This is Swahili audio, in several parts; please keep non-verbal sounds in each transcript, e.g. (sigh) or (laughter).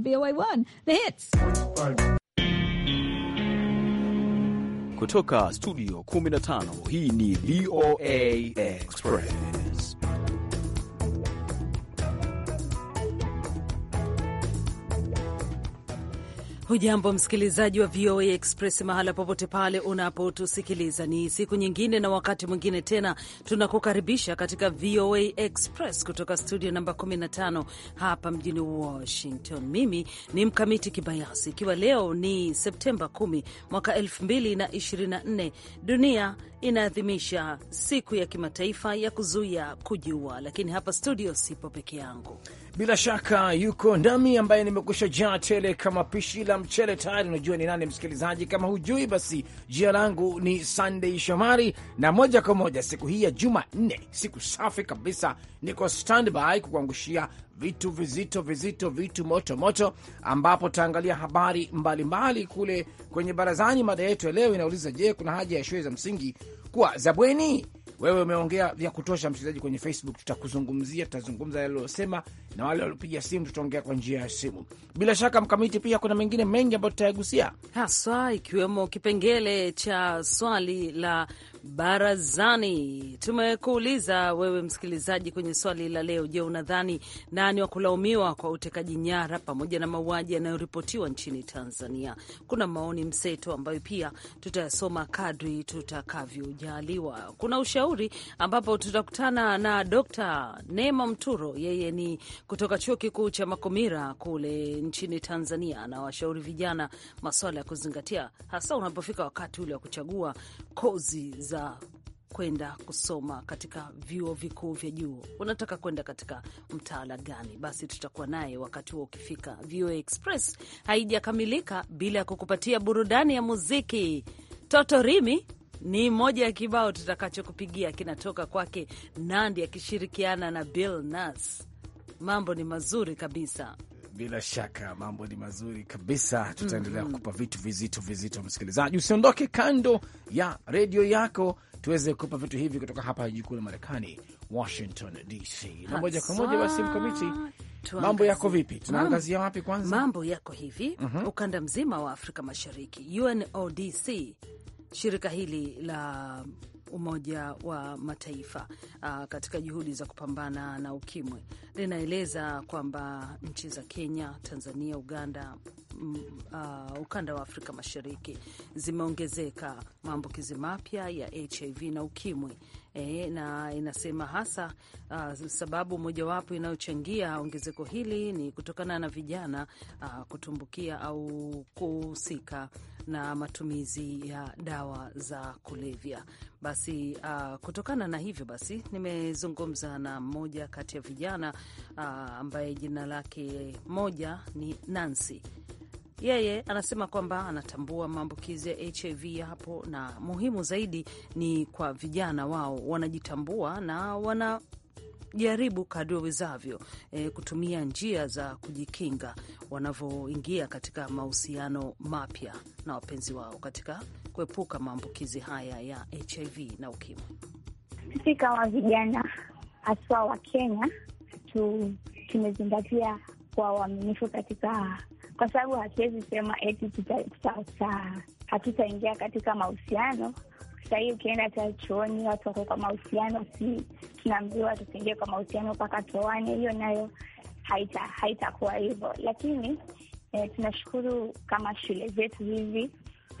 on BOA1, The Hits. Kutoka studio 15 hii ni VOA Express. Hujambo msikilizaji wa VOA Express mahala popote pale unapotusikiliza, ni siku nyingine na wakati mwingine tena tunakukaribisha katika VOA Express kutoka studio namba 15 hapa mjini Washington. Mimi ni Mkamiti Kibayasi, ikiwa leo ni Septemba 10 mwaka 2024, dunia inaadhimisha siku ya kimataifa ya kuzuia kujiua, lakini hapa studio sipo peke yangu bila shaka yuko nami ambaye nimekusha jaa tele kama pishi la mchele. Tayari unajua ni nani, msikilizaji. Kama hujui, basi jina langu ni Sunday Shomari, na moja kwa moja siku hii ya juma nne siku safi kabisa, niko standby kukuangushia vitu vizito vizito, vitu moto moto, ambapo taangalia habari mbalimbali mbali. Kule kwenye barazani, mada yetu ya leo inauliza, je, kuna haja ya shule za msingi kuwa za bweni? Wewe umeongea vya kutosha, msikilizaji, kwenye Facebook. Tutakuzungumzia, tutazungumza yalilosema na wale waliopiga simu tutaongea kwa njia ya simu. Bila shaka, Mkamiti, pia kuna mengine mengi ambayo tutayagusia haswa, ikiwemo kipengele cha swali la barazani. Tumekuuliza wewe msikilizaji kwenye swali la leo, je, unadhani nani wa kulaumiwa kwa utekaji nyara pamoja na mauaji yanayoripotiwa nchini Tanzania? Kuna maoni mseto ambayo pia tutayasoma kadri tutakavyojaliwa. Kuna ushauri ambapo tutakutana na Dkt. Neema Mturo, yeye ni kutoka chuo kikuu cha Makumira kule nchini Tanzania, anawashauri vijana maswala ya kuzingatia, hasa unapofika wakati ule wa kuchagua kozi za kwenda kusoma katika vyuo vikuu vya juu. Unataka kwenda katika mtaala gani? Basi tutakuwa naye wakati huo ukifika. VOA Express haijakamilika bila ya kukupatia burudani ya muziki. Toto Rimi ni moja ya kibao tutakachokupigia, kinatoka kwake Nandi akishirikiana na Bill Nass. Mambo ni mazuri kabisa. Bila shaka mambo ni mazuri kabisa, tutaendelea mm -hmm. kukupa vitu vizito vizito. Msikilizaji, usiondoke kando ya redio yako, tuweze kukupa vitu hivi kutoka hapa jiji kuu la Marekani, Washington DC. Na moja kwa moja basi, Mkamiti, mambo yako vipi? Tunaangazia wapi kwanza? Mambo yako hivi mm -hmm. ukanda mzima wa Afrika Mashariki, UNODC, shirika hili la Umoja wa Mataifa uh, katika juhudi za kupambana na ukimwi linaeleza kwamba nchi za Kenya, Tanzania, Uganda uh, ukanda wa Afrika Mashariki zimeongezeka maambukizi mapya ya HIV na ukimwi. E, na inasema hasa uh, sababu mojawapo inayochangia ongezeko hili ni kutokana na vijana uh, kutumbukia au kuhusika na matumizi ya dawa za kulevya. Basi uh, kutokana na hivyo basi, nimezungumza na mmoja kati ya vijana uh, ambaye jina lake moja ni Nancy yeye anasema kwamba anatambua maambukizi ya HIV yapo na muhimu zaidi ni kwa vijana, wao wanajitambua na wana jaribu kadri wawezavyo e, kutumia njia za kujikinga wanavyoingia katika mahusiano mapya na wapenzi wao katika kuepuka maambukizi haya ya HIV na UKIMWI. Sisi kama vijana haswa wa Kenya tu tumezingatia kwa uaminifu katika, kwa sababu hatuwezi sema eti hatutaingia katika mahusiano. Sahii ukienda ta chuoni, watu wako kwa mahusiano, si tunaambiwa tusiingie kwa mahusiano mpaka tuoane. Hiyo nayo haitakuwa haita hivyo, lakini eh, tunashukuru kama shule zetu hivi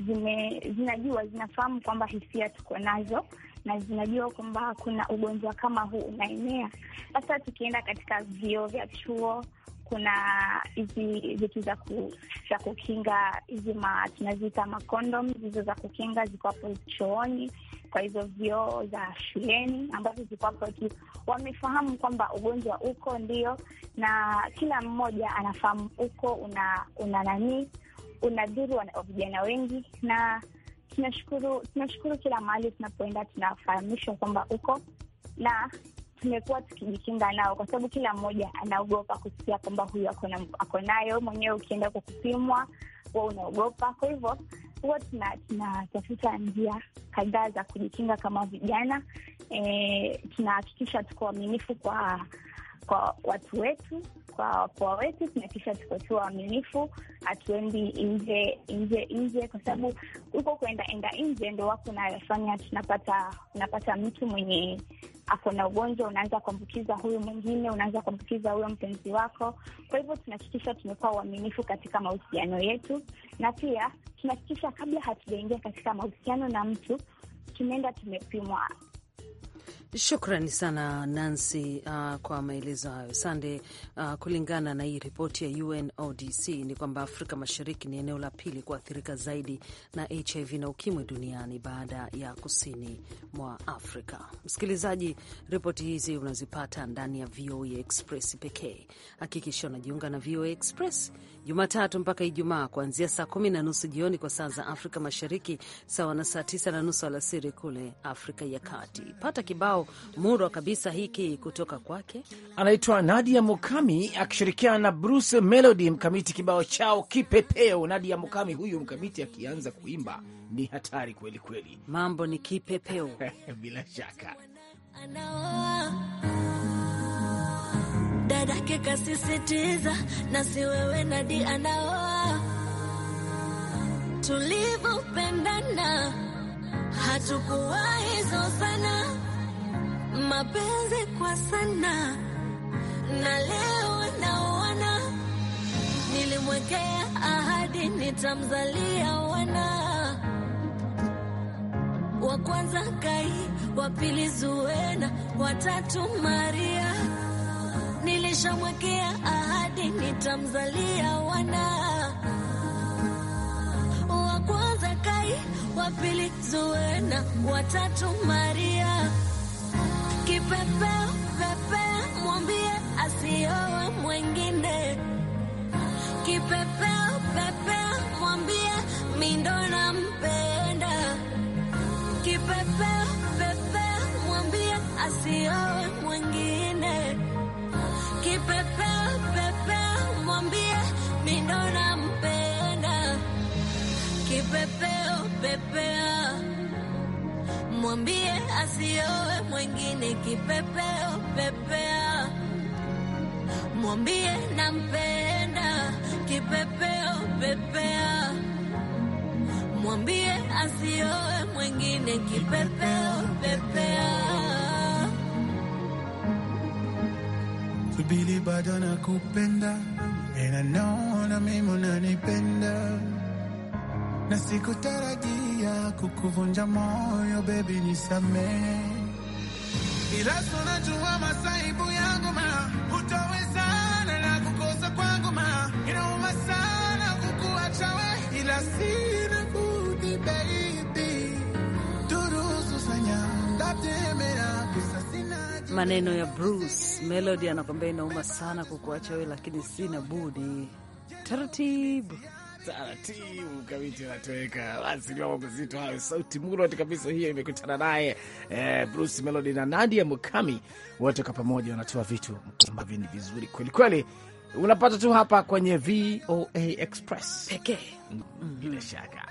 zime, zinajua zinafahamu kwamba hisia tuko nazo na zinajua kwamba kuna ugonjwa kama huu unaenea. Sasa tukienda katika vio vya chuo kuna hizi vitu za ku, za kukinga hizi ma tunaziita makondom hizo za kukinga ziko hapo chooni, kwa hizo vyoo za shuleni ambazo ziko hapo tu. Wamefahamu kwamba ugonjwa uko ndio, na kila mmoja anafahamu uko una una nanii unadhuru vijana wengi, na tunashukuru tunashukuru, kila mahali tunapoenda tunafahamishwa kwamba uko na tumekuwa tukijikinga nao, kwa sababu kila mmoja anaogopa kusikia kwamba huyu ako nayo. Mwenyewe ukienda kwa kupimwa, huwa unaogopa. Kwa hivyo huwa tunatafuta njia kadhaa za kujikinga kama vijana. E, tunahakikisha tuko waaminifu kwa kwa watu wetu kwa poa wetu, tunakisha tukotua waaminifu, hatuendi nje nje nje, kwa sababu huko kuenda enda nje ndo wako unayofanya, tunapata unapata mtu mwenye ako na ugonjwa, unaanza kuambukiza huyu mwingine, unaanza kuambukiza huyo mpenzi wako. Kwa hivyo tunahakikisha tumekuwa uaminifu katika mahusiano yetu, na pia tunahakikisha kabla hatujaingia katika mahusiano na mtu tumeenda tumepimwa Shukrani sana Nancy, uh, kwa maelezo hayo Sande. Uh, kulingana na hii ripoti ya UNODC ni kwamba Afrika Mashariki ni eneo la pili kuathirika zaidi na HIV na ukimwi duniani baada ya kusini mwa Afrika. Msikilizaji, ripoti hizi unazipata ndani ya VOA e Express pekee. Hakikisha unajiunga na VOA e Express Jumatatu mpaka Ijumaa kuanzia saa kumi na nusu jioni kwa saa za Afrika Mashariki, sawa na saa tisa na nusu alasiri kule Afrika ya Kati. Pata kibao kibao murwa kabisa hiki kutoka kwake, anaitwa Nadia Mukami akishirikiana na Bruce Melody mkamiti, kibao chao kipepeo. Nadia Mukami huyu mkamiti akianza kuimba ni hatari kweli kweli, (laughs) mambo ni kipepeo bila shaka dadake kasisitiza, nasi wewe Nadi anaoa tulivyopendana sana mapenzi kwa sana, na leo naona nilimwekea ahadi nitamzalia wana wa kwanza Kai, wa pili Zuena, watatu Maria. Nilishamwekea ahadi nitamzalia wana wa kwanza Kai, wa pili Zuena, watatu Maria pepe pepe, mwambie asioe mwengine. Kipepe pepe, mwambie mindo nampenda. Kipepe pepe, mwambie asioe mwengine. Kipepe pepe, mwambie mindo nampenda. Kipepe pepe Mwambie asiowe mwingine kipepeo pepea, mwambie nampenda kipepeo pepea, mwambie asiowe mwingine kipepeo pepea. Subiri bado nakupenda, ina naona mimi unanipenda na sikutarajia kukuvunja moyo baby, nisamehe, ila sunajua masaibu yangu ma utaweza na kukosa kwangu ma inauma sana kukuacha we, ila sina budi baby, turuzu sanya ndatemea kusa maneno ya Bruce Melody anakwambia inauma sana kukuacha wewe, lakini sina budi taratibu taratibu kamiti anatoweka. Basi ni mambo hayo, sauti kabisa hiyo. Imekutana naye eh, Bruce Melody na Nadia Mukami, wote kwa pamoja wanatoa vitu ambavyo ni vizuri kwelikweli. Unapata tu hapa kwenye VOA Express pekee mm-hmm. bila shaka.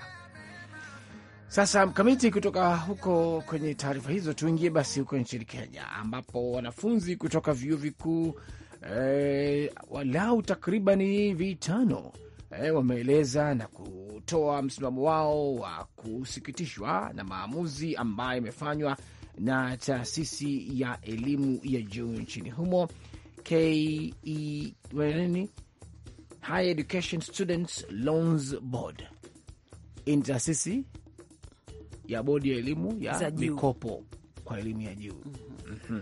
Sasa mkamiti, kutoka huko kwenye taarifa hizo, tuingie basi huko nchini Kenya ambapo wanafunzi kutoka vyuo vikuu eh, walau takribani vitano eh, wameeleza na kutoa msimamo wao wa kusikitishwa na maamuzi ambayo imefanywa na taasisi ya elimu ya juu nchini humo KE, nini? Education Students Loans Board. Ni taasisi ya bodi ya elimu ya mikopo kwa elimu ya juu Mm -hmm.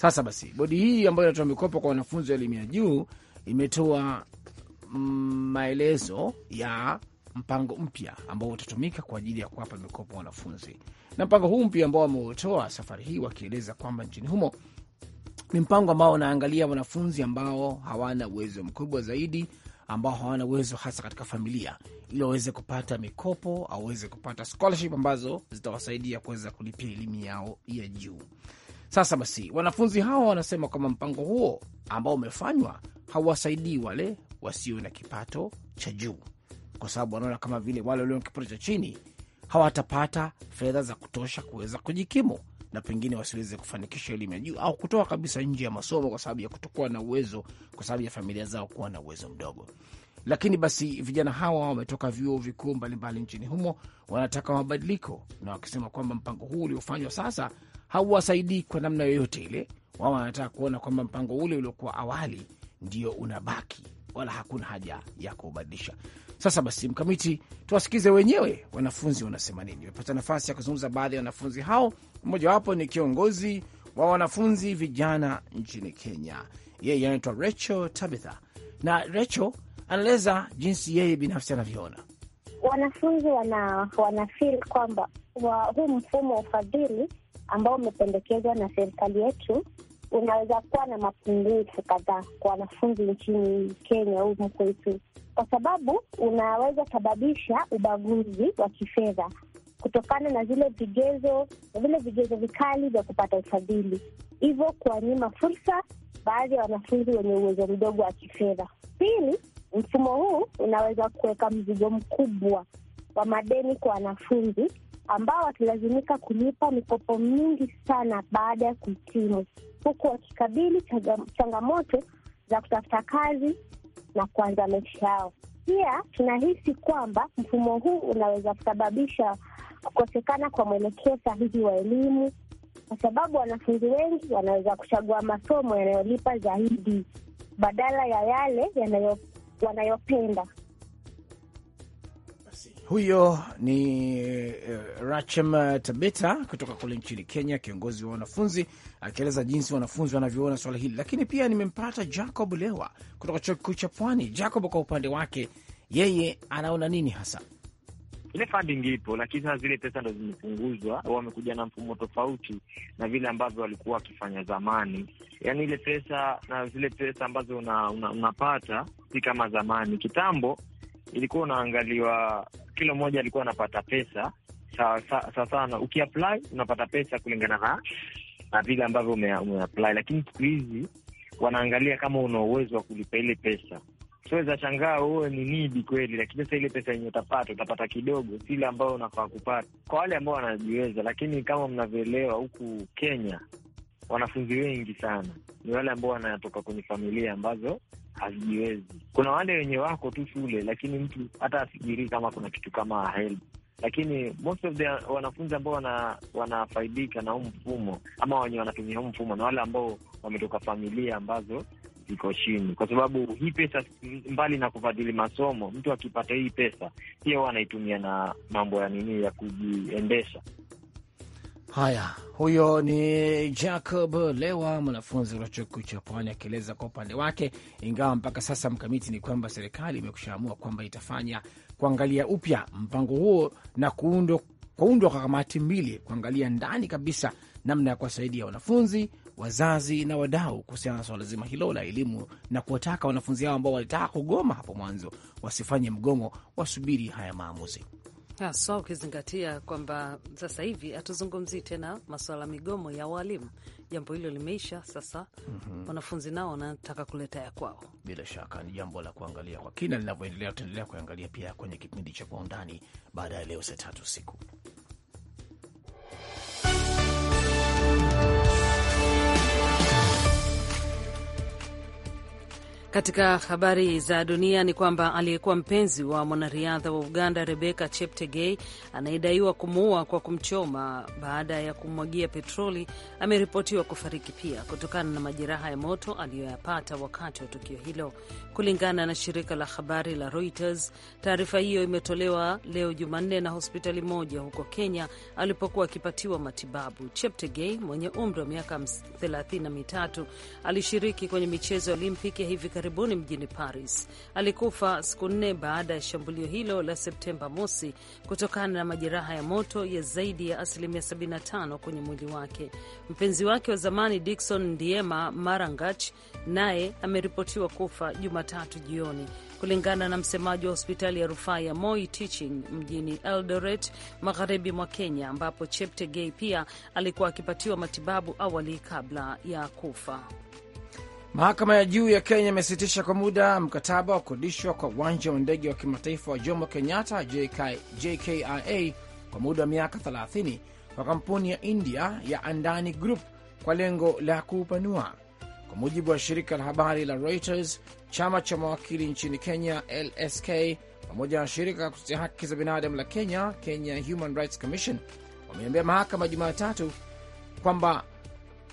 Sasa basi, bodi hii ambayo inatoa mikopo kwa wanafunzi wa elimu ya juu imetoa maelezo ya mpango mpya ambao utatumika kwa ajili ya kuwapa mikopo wanafunzi. Na mpango huu mpya ambao wameutoa safari hii wakieleza kwamba nchini humo ni mpango ambao wanaangalia wanafunzi ambao hawana uwezo mkubwa zaidi, ambao hawana uwezo hasa katika familia, ili waweze kupata mikopo au waweze kupata scholarship ambazo zitawasaidia kuweza kulipia elimu yao ya juu. Sasa basi, wanafunzi hawa wanasema kwamba mpango huo ambao umefanywa hawasaidii wale wasio na kipato cha juu, kwa sababu wanaona kama vile wale walio na kipato cha chini hawatapata fedha za kutosha kuweza kujikimu na pengine wasiweze kufanikisha elimu ya juu au kutoka kabisa nje ya masomo kwa sababu ya kutokuwa na uwezo, kwa sababu ya familia zao kuwa na uwezo mdogo. Lakini basi vijana hawa wametoka vyuo vikuu mbalimbali nchini humo, wanataka mabadiliko, na wakisema kwamba mpango huu uliofanywa sasa hauwasaidii kwa namna yoyote ile. Wao wanataka kuona kwamba mpango ule uliokuwa awali ndio unabaki, wala hakuna haja ya kubadilisha. Sasa basi, Mkamiti, tuwasikize wenyewe wanafunzi wanasema nini. Nimepata nafasi ya kuzungumza baadhi ya wanafunzi hao, mmojawapo ni kiongozi wa wanafunzi vijana nchini Kenya. Yeye anaitwa Recho Tabitha, na Recho anaeleza jinsi yeye binafsi anavyoona wanafunzi wana, kwamba wa huu mfumo wa ufadhili ambao umependekezwa na serikali yetu unaweza kuwa na mapungufu kadhaa kwa wanafunzi nchini Kenya humu kwetu, kwa sababu unaweza sababisha ubaguzi wa kifedha kutokana na zile vigezo na vile vigezo vikali vya kupata ufadhili, hivyo kuwanyima fursa baadhi ya wanafunzi wenye uwezo mdogo wa kifedha. Pili, mfumo huu unaweza kuweka mzigo mkubwa wa madeni kwa wanafunzi ambao wakilazimika kulipa mikopo mingi sana baada ya kuhitimu, huku wakikabili changamoto za kutafuta kazi na kuanza maisha yao. Pia tunahisi kwamba mfumo huu unaweza kusababisha kukosekana kwa mwelekeo sahihi wa elimu, kwa sababu wanafunzi wengi wanaweza kuchagua masomo yanayolipa zaidi badala ya yale yanayo wanayopenda. Huyo ni eh, Rachem Tabeta kutoka kule nchini Kenya, kiongozi wa wanafunzi akieleza jinsi wanafunzi wanavyoona swala hili. Lakini pia nimempata Jacob Lewa kutoka chuo kikuu cha Pwani. Jacob, kwa upande wake yeye anaona nini hasa? Ile funding ipo, lakini sasa zile pesa ndo zimepunguzwa. Wamekuja na mfumo tofauti na vile ambavyo walikuwa wakifanya zamani, yaani ile pesa na zile pesa ambazo unapata una, una si kama zamani. Kitambo ilikuwa unaangaliwa, kila mmoja alikuwa anapata pesa sawa sawa sana. Ukiapply unapata pesa kulingana na na vile ambavyo umeapply, lakini siku hizi wanaangalia kama una uwezo wa kulipa ile pesa. Siweza shangaa uwe ni nidi kweli, lakini sasa ile pesa yenye utapata utapata kidogo, sile ambayo unafaa kupata, kwa wale ambao wanajiweza. Lakini kama mnavyoelewa, huku Kenya wanafunzi wengi sana ni wale ambao wanatoka kwenye familia ambazo hazijiwezi. Kuna wale wenye wako tu shule, lakini mtu hata afikirii kama kuna kitu kama help lakini most of the wanafunzi ambao wana, wanafaidika na huu mfumo ama wenye wanatumia huu mfumo na wale ambao wametoka familia ambazo ziko chini, kwa sababu hii pesa, mbali na kufadhili masomo, mtu akipata hii pesa pia huwa anaitumia na mambo ya nini ya kujiendesha. Haya, huyo ni Jacob Lewa, mwanafunzi wa chuo kikuu cha Pwani, akieleza kwa upande wake, ingawa mpaka sasa mkamiti ni kwamba serikali imekushaamua kwamba itafanya kuangalia upya mpango huo na kuundwa kuundwa kwa kamati mbili kuangalia ndani kabisa namna ya kuwasaidia wanafunzi, wazazi na wadau kuhusiana na swala zima hilo la elimu, na kuwataka wanafunzi hao ambao walitaka kugoma hapo mwanzo wasifanye mgomo, wasubiri haya maamuzi haswa ukizingatia kwamba sasa hivi hatuzungumzii tena masuala migomo ya walimu. Jambo hilo limeisha sasa. mm -hmm. Wanafunzi nao wanataka kuleta ya kwao. Bila shaka ni jambo la kuangalia kwa kina linavyoendelea. Tutaendelea kuangalia pia kwenye kipindi cha Kwa Undani baada ya leo saa tatu usiku. Katika habari za dunia ni kwamba aliyekuwa mpenzi wa mwanariadha wa Uganda rebeka Cheptegei anayedaiwa kumuua kwa kumchoma baada ya kumwagia petroli ameripotiwa kufariki pia kutokana na majeraha ya moto aliyoyapata wakati wa tukio hilo, kulingana na shirika la habari la Reuters. Taarifa hiyo imetolewa leo Jumanne na hospitali moja huko Kenya alipokuwa akipatiwa matibabu. Cheptegei mwenye umri wa miaka 33 alishiriki kwenye michezo ya Olimpiki hivi karibuni mjini Paris. Alikufa siku nne baada ya shambulio hilo la Septemba mosi kutokana na majeraha ya moto ya zaidi ya asilimia 75 kwenye mwili wake. Mpenzi wake wa zamani dikson Ndiema Marangach naye ameripotiwa kufa Jumatatu jioni kulingana na msemaji wa hospitali ya rufaa ya Moi Teaching mjini Eldoret, magharibi mwa Kenya, ambapo Cheptegei pia alikuwa akipatiwa matibabu awali kabla ya kufa. Mahakama ya juu ya Kenya imesitisha kwa muda mkataba wa kukodishwa kwa uwanja wa ndege wa kimataifa wa Jomo Kenyatta JKIA kwa muda wa miaka 30 kwa kampuni ya India ya Andani Group kwa lengo la kuupanua. Kwa mujibu wa shirika la habari la Reuters, chama cha mawakili nchini Kenya LSK pamoja na shirika la kutetea haki za binadamu la Kenya, Kenya Human Rights Commission, wameambia mahakama Jumatatu kwamba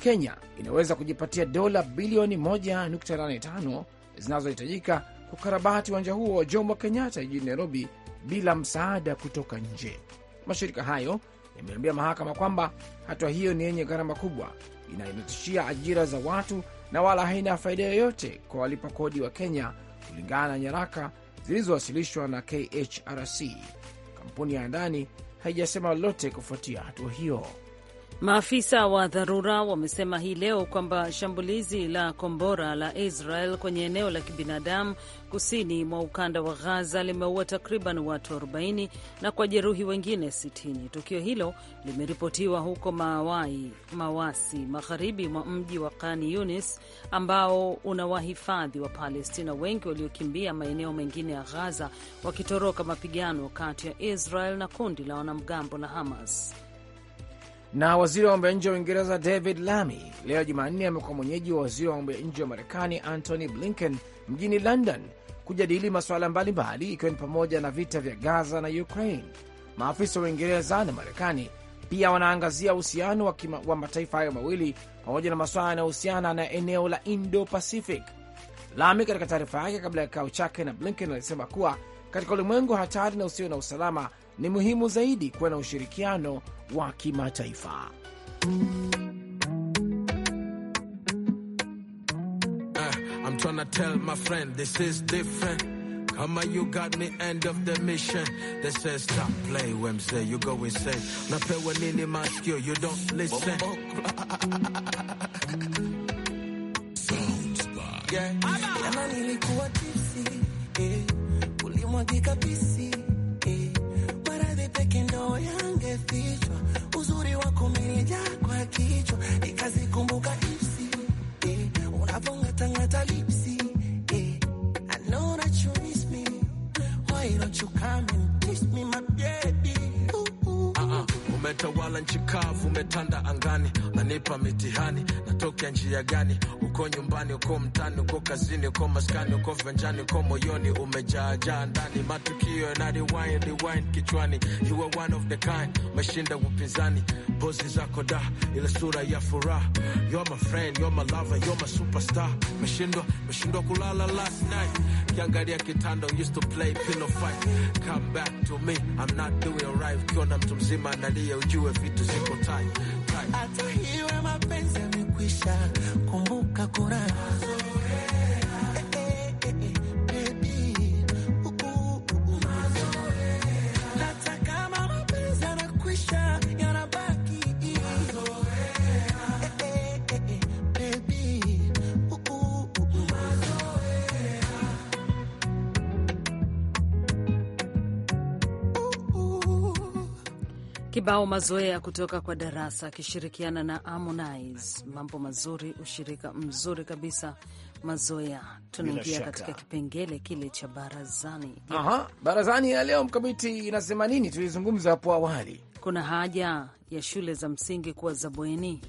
Kenya inaweza kujipatia dola bilioni 1.85 zinazohitajika kukarabati uwanja huo wa Jomo Kenyatta jijini Nairobi bila msaada kutoka nje. Mashirika hayo yameambia mahakama kwamba hatua hiyo ni yenye gharama kubwa, inayotishia ajira za watu na wala haina faida yoyote kwa walipa kodi wa Kenya, kulingana na nyaraka zilizowasilishwa na KHRC. Kampuni ya ndani haijasema lolote kufuatia hatua hiyo. Maafisa wa dharura wamesema hii leo kwamba shambulizi la kombora la Israel kwenye eneo la kibinadamu kusini mwa ukanda wa Gaza limeua takriban watu 40 na kwa jeruhi wengine 60. Tukio hilo limeripotiwa huko Mawai, Mawasi, magharibi mwa mji wa Khan Yunis, ambao una wahifadhi wa Palestina wengi waliokimbia maeneo mengine ya Gaza wakitoroka mapigano kati ya Israel na kundi la wanamgambo la Hamas. Na waziri wa mambo ya nje wa Uingereza David Lammy leo Jumanne amekuwa mwenyeji wa waziri wa mambo ya nje wa Marekani Antony Blinken mjini London kujadili masuala mbalimbali ikiwa ni pamoja na vita vya Gaza na Ukraine. Maafisa wa Uingereza na Marekani pia wanaangazia uhusiano wa, wa mataifa hayo mawili pamoja na masuala yanayohusiana na eneo la Indo Pacific. Lami katika taarifa yake kabla ya kikao chake na Blinken alisema kuwa katika ulimwengu hatari na usio na usalama, ni muhimu zaidi kuwa na ushirikiano wa kimataifa. Eh, you got me end of the mission. They say stop play, you go insane. nini you don't listen. (laughs) Sounds bad. Yeah. Ama nilikuwa tipsy, eh, ulimwagika pisi peke ndo yangefichwa, uzuri wako umenijaa kwa kichwa, nikazikumbuka hisi eh, unavongatangata lipsi eh, I know that you miss me, why don't you come and kiss me my baby, ah, ah. umetawala nchi Natanda angani, nanipa mitihani, natokea njia gani? Uko nyumbani, uko mtani, uko kazini, uko maskani, uko viwanjani, uko moyoni, umejaajaa ndani, matukio na rewind, rewind kichwani. You are one of the kind, umeshinda upinzani, pozi zako da, ile sura ya furaha. You are my friend, you are my lover, you are my superstar. Meshindwa, meshindwa kulala last night, kiangalia kitanda, used to play pillow fight. Come back to me, I'm not doing right. Ukiona mtu mzima analia, ujue vitu ziko tight hata hiwe mapenzi amekwisha, kumbuka kurazo Kibao mazoea kutoka kwa Darasa akishirikiana na Harmonize. Mambo mazuri, ushirika mzuri kabisa. Mazoea tunaingia katika kipengele kile cha barazani. Aha, barazani ya leo mkamiti inasema nini? Tulizungumza hapo awali, kuna haja ya shule za msingi kuwa za bweni.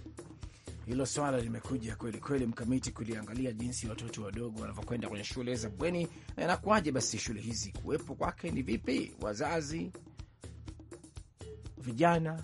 Hilo swala limekuja kweli kweli, mkamiti, kuliangalia jinsi watoto wadogo wanavyokwenda kwenye shule za bweni, na inakuwaje basi shule hizi kuwepo kwake ni vipi? Wazazi vijana,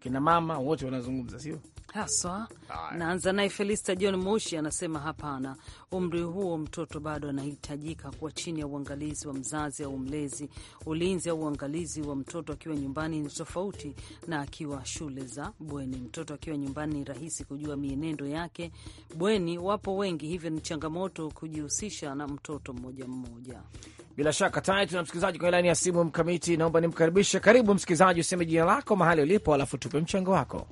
kina mama wote wanazungumza, sio haswa. Naanza naye Felista John Moshi anasema hapana, umri huo mtoto bado anahitajika kuwa chini ya uangalizi wa mzazi au mlezi. Ulinzi au uangalizi wa mtoto akiwa nyumbani ni tofauti na akiwa shule za bweni. Mtoto akiwa nyumbani ni rahisi kujua mienendo yake. Bweni wapo wengi, hivyo ni changamoto kujihusisha na mtoto mmoja mmoja. Bila shaka tayari tuna msikilizaji kwenye laini ya simu. Mkamiti, naomba nimkaribishe. Karibu msikilizaji, useme jina lako, mahali ulipo, alafu tupe mchango wako.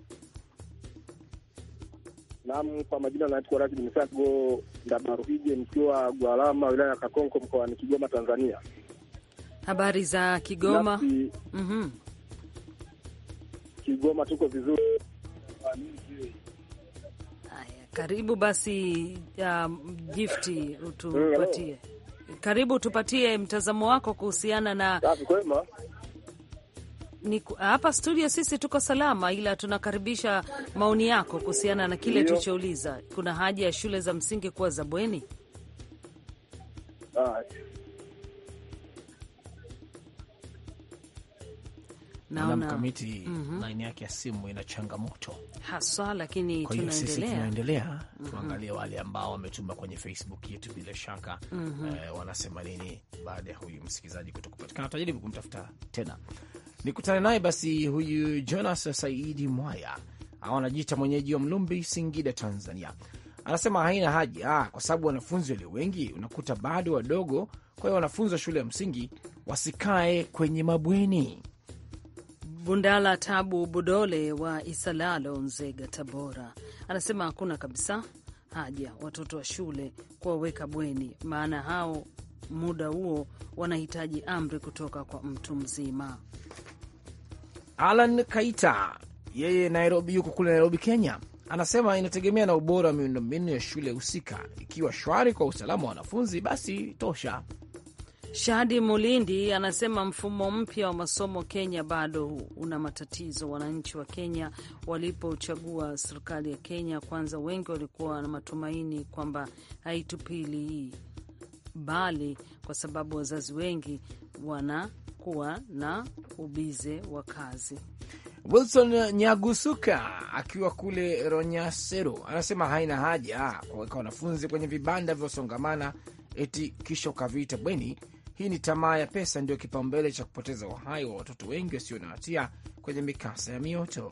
Naam, kwa majina naitwa Rajab Msago Ndabaruhije, mkiwa Gwalama, wilaya ya Kakonko, mkoani Kigoma, Tanzania. Habari za Kigoma? Nasi, mm -hmm. Kigoma tuko vizuri. Aya, karibu basi. Um, gifti utupatie, mm, karibu tupatie mtazamo wako kuhusiana na ni hapa studio sisi tuko salama, ila tunakaribisha maoni yako kuhusiana na kile tulichouliza. Kuna haja ya shule za msingi kuwa za bweni? Ah, naona mkamiti mm -hmm. laini yake ya simu ina changamoto haswa, lakini kwa hiyo sisi tunaendelea mm -hmm. tuangalie wale ambao wametuma kwenye Facebook yetu, bila shaka mm -hmm. eh, wanasema nini baada ya huyu msikilizaji kuto kupatikana. Tutajaribu kumtafuta tena, nikutane naye basi. Huyu Jonas Saidi Mwaya anajiita mwenyeji wa Mlumbi, Singida, Tanzania, anasema haina haja ah, kwa sababu wanafunzi walio wengi unakuta bado wadogo, kwa hiyo wanafunzi wa shule ya msingi wasikae kwenye mabweni Bundala Tabu Budole wa Isalalo, Nzega, Tabora, anasema hakuna kabisa haja watoto wa shule kuwaweka bweni, maana hao muda huo wanahitaji amri kutoka kwa mtu mzima. Alan Kaita yeye Nairobi, yuko kule Nairobi, Kenya, anasema inategemea na ubora wa miundombinu ya shule husika. Ikiwa shwari kwa usalama wa wanafunzi, basi tosha. Shadi Mulindi anasema mfumo mpya wa masomo Kenya bado una matatizo. Wananchi wa Kenya walipochagua serikali ya Kenya kwanza, wengi walikuwa na matumaini kwamba haitupili bali, kwa sababu wazazi wengi wanakuwa na ubize wa kazi. Wilson Nyagusuka akiwa kule Ronyasero anasema haina haja kuweka wanafunzi kwenye vibanda vilivyosongamana eti kisha ukaviita bweni hii ni tamaa ya pesa ndiyo kipaumbele cha kupoteza uhai wa watoto wengi wasio na hatia kwenye mikasa ya mioto.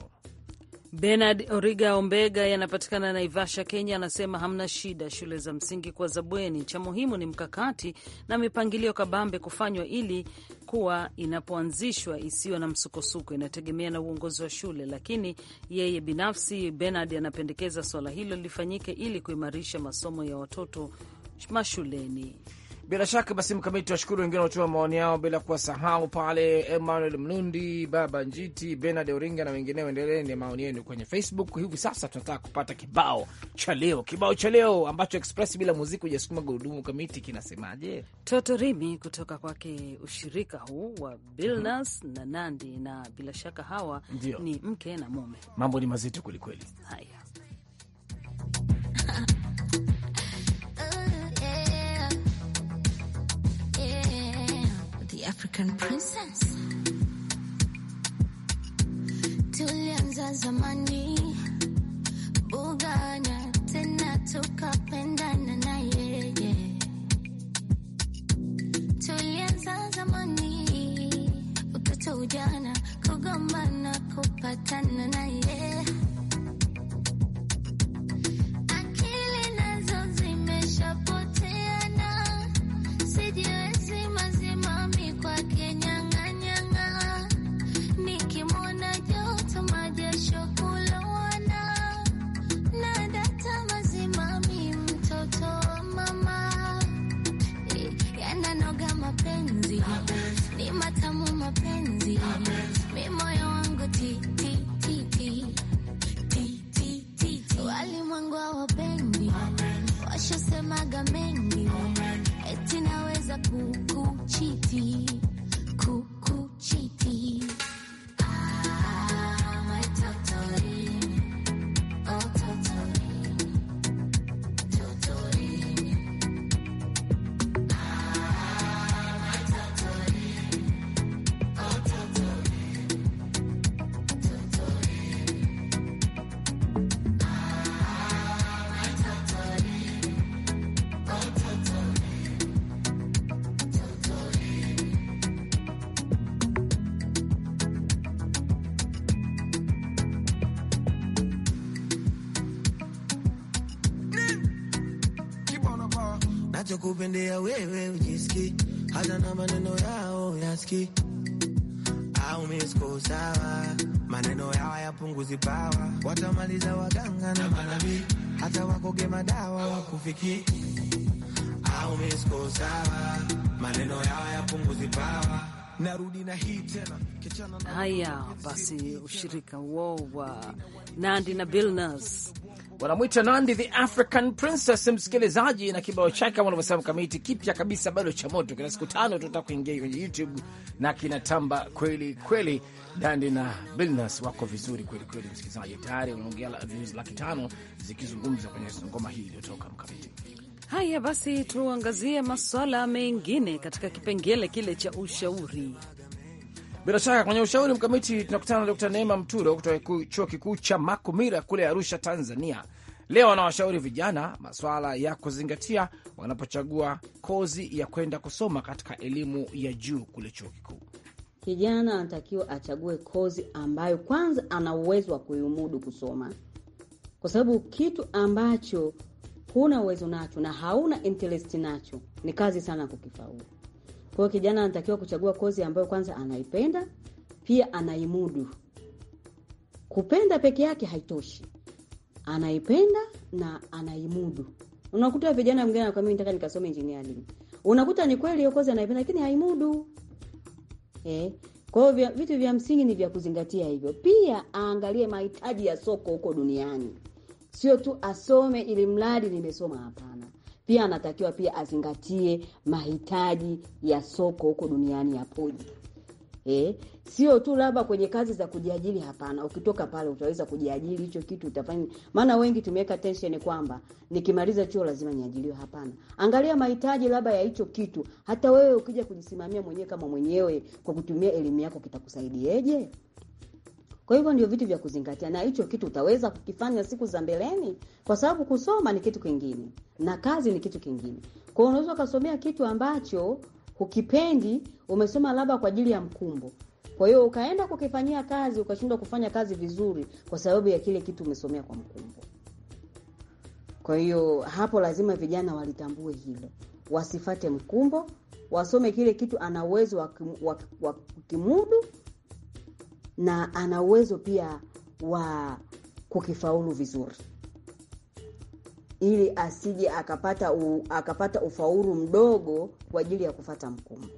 Benard Origa Ombega yanapatikana Naivasha, Kenya, anasema hamna shida, shule za msingi kwa zabweni. Cha muhimu ni mkakati na mipangilio kabambe kufanywa ili kuwa inapoanzishwa isiyo na msukosuko. Inategemea na uongozi wa shule, lakini yeye binafsi Benard anapendekeza swala hilo lifanyike ili kuimarisha masomo ya watoto mashuleni. Bila shaka basi, Mkamiti, washukuru wengine wanaotoa maoni yao, bila kuwasahau pale Emmanuel Mlundi, Baba Njiti, Benard Oringa na wengineo. Endeleeni maoni yenu kwenye Facebook. Hivi sasa tunataka kupata kibao cha leo, kibao cha leo ambacho Express bila muziki hujasukuma gurudumu. Kamiti, kinasemaje? Totorimi kutoka kwake ushirika huu wa Bilnas mm -hmm. na Nandi, na bila shaka hawa Ndiyo. ni mke na mume. Mambo ni mazito kwelikweli. Haya. African princess. Tulianza zamani bugana tena tukapendana na yeye. Tulianza zamani utoto ujana kugombana kupatana na yeye unaga mengi, eti naweza kukuchiti ku sana na maravi, hata wakoge madawa wakufiki au misko sawa, maneno yao yapunguzi pawa Narudi na hii tena haya basi, ushirika huo wa Nandi na Billnass wanamwita Nandi the African Princess, msikilizaji, na kibao chake kama unavyosema Mkamiti, kipya kabisa, bado cha moto, kina siku tano tu, kuingia kwenye YouTube na kinatamba kweli kweli. Dandi na Billnas wako vizuri kweli kweli, msikilizaji, tayari unaongea views laki tano zikizungumza kwenye ngoma hii iliyotoka Mkamiti. Haya basi, tuangazie masuala mengine katika kipengele kile cha ushauri. Bila shaka kwenye ushauri mkamiti, tunakutana na Dr. Neema Mturo kutoka chuo kikuu cha Makumira kule Arusha, Tanzania. Leo anawashauri vijana masuala ya kuzingatia wanapochagua kozi ya kwenda kusoma katika elimu ya juu kule chuo kikuu. Kijana anatakiwa achague kozi ambayo kwanza ana uwezo wa kuimudu kusoma, kwa sababu kitu ambacho huna uwezo nacho na hauna interest nacho ni kazi sana kukifaulu. Kwa hiyo kijana anatakiwa kuchagua kozi ambayo kwanza anaipenda, pia anaimudu. Kupenda peke yake haitoshi, anaipenda na anaimudu. Unakuta vijana wengine wanakwambia nataka nikasome engineering, unakuta ni kweli hiyo kozi anaipenda, lakini haimudu eh. Kwa hiyo vitu vya msingi ni vya kuzingatia hivyo. Pia aangalie mahitaji ya soko huko duniani, sio tu asome ili mradi nimesoma, hapana pia anatakiwa pia azingatie mahitaji ya soko huko duniani yapoje. Eh, sio tu labda kwenye kazi za kujiajiri. Hapana, ukitoka pale utaweza kujiajiri, hicho kitu utafanya. Maana wengi tumeweka tension kwamba nikimaliza chuo lazima niajiriwe. Hapana, angalia mahitaji labda ya hicho kitu. Hata wewe ukija kujisimamia mwenyewe kama mwenyewe kwa kutumia elimu yako kitakusaidieje? Kwa hivyo ndio vitu vya kuzingatia, na hicho kitu utaweza kukifanya siku za mbeleni, kwa sababu kusoma ni kitu kingine na kazi ni kitu kingine. Kwa hiyo unaweza ukasomea kitu ambacho hukipendi, umesoma labda kwa ajili ya mkumbo kwa hiyo ukaenda kukifanyia kazi ukashindwa kufanya kazi vizuri kwa sababu ya kile kitu umesomea kwa mkumbo. Kwa hiyo hapo lazima vijana walitambue hilo, wasifate mkumbo, wasome kile kitu ana uwezo wa kimudu, na ana uwezo pia wa kukifaulu vizuri, ili asije akapata u, akapata ufaulu mdogo kwa ajili ya kufata mkumbo.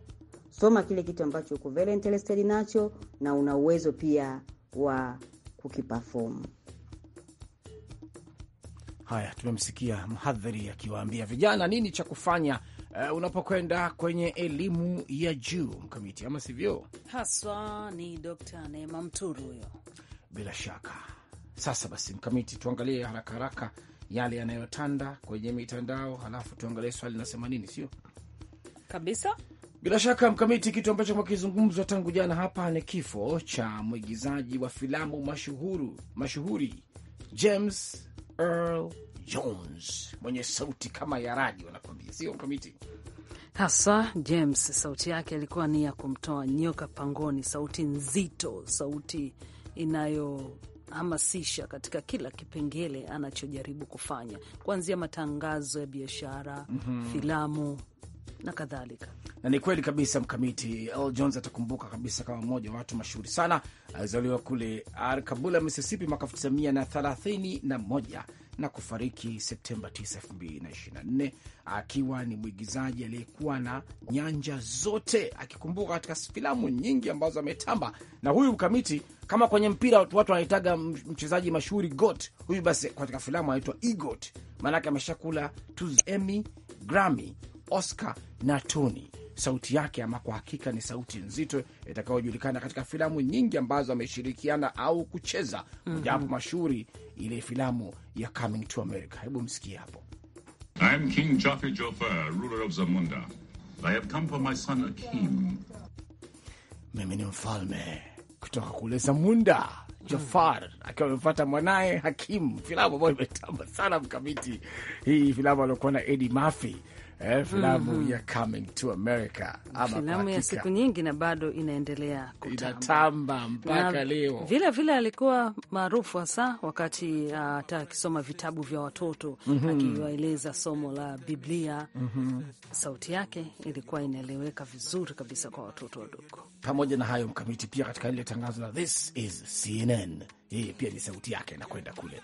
Soma kile kitu ambacho uko very interested nacho na una uwezo pia wa kukiperform. Haya, tumemsikia mhadhiri akiwaambia vijana nini cha kufanya uh, unapokwenda kwenye elimu ya juu mkamiti, ama sivyo? Haswa ni Dr. Neema Mturu huyo, bila shaka. Sasa basi, mkamiti, tuangalie haraka haraka yale yanayotanda kwenye mitandao, halafu tuangalie swali linasema nini, sio kabisa bila shaka Mkamiti, kitu ambacho kizungumzwa tangu jana hapa ni kifo cha mwigizaji wa filamu mashuhuru mashuhuri James Earl Jones mwenye sauti kama ya radi, wanakwambia sio mkamiti hasa James. Sauti yake alikuwa ni ya kumtoa nyoka pangoni, sauti nzito, sauti inayohamasisha katika kila kipengele anachojaribu kufanya, kuanzia matangazo ya biashara, mm -hmm. filamu na kadhalika. Na ni kweli kabisa mkamiti, L Jones atakumbuka kabisa kama mmoja wa watu mashuhuri sana. Alizaliwa kule Ar Kabula, Mississippi mwaka 1931 na kufariki Septemba 9, 2024 akiwa ni mwigizaji aliyekuwa na nyanja zote, akikumbuka katika filamu nyingi ambazo ametamba. Na huyu mkamiti kama kwenye mpira watu wanaitaga mchezaji mashuhuri GOAT, huyu basi katika filamu anaitwa EGOT, maanake ameshakula tuzo Emmy, Grammy, Oscar na Tony sauti yake, ama kwa hakika ni sauti nzito itakayojulikana katika filamu nyingi ambazo ameshirikiana au kucheza, mhm. mojawapo mm -hmm. mashuhuri ile filamu ya Coming to America. Hebu msikie hapo. I am King ruler of Zamunda. I have come for my son Akim. Mimi ni mfalme kutoka kule Zamunda. Mm. Jafar akiwa amepata mwanaye Hakim, filamu ambayo imetamba sana mkamiti hii, filamu aliokuwa na Eddie Murphy eh, filamu mm -hmm. ya Coming to America ama filamu ya siku nyingi na bado inaendelea kutamba, inatamba mpaka na leo. Vile vile alikuwa maarufu hasa wakati ah, hata uh, akisoma vitabu vya watoto mm -hmm. akiwaeleza somo la Biblia mm -hmm. sauti yake ilikuwa inaeleweka vizuri kabisa kwa watoto wadogo. Pamoja na hayo, mkamiti pia katika lile tangazo la this is CNN, hii pia ni sauti yake inakwenda kule.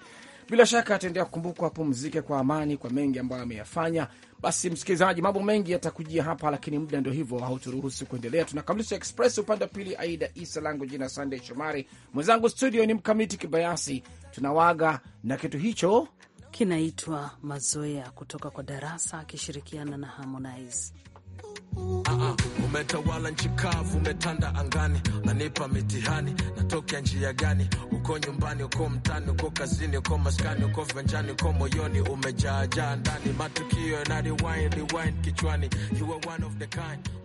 Bila shaka ataendelea kukumbukwa, pumzike kwa amani kwa mengi ambayo ameyafanya basi msikilizaji, mambo mengi yatakujia hapa, lakini muda ndio hivyo, hauturuhusu kuendelea. Tunakamilisha Express upande wa pili, Aida Isa langu jina Sandey Shomari, mwenzangu studio ni Mkamiti Kibayasi. Tunawaga na kitu hicho kinaitwa mazoea kutoka kwa darasa akishirikiana na Harmonize. Umetawala nchi kavu, umetanda angani, nanipa mitihani, natokea njia gani? Uko nyumbani, uko mtani, uko kazini, uko maskani, uko venjani, uko moyoni, umejaajaa ndani, matukio na rewind, rewind kichwani, you are one of the kind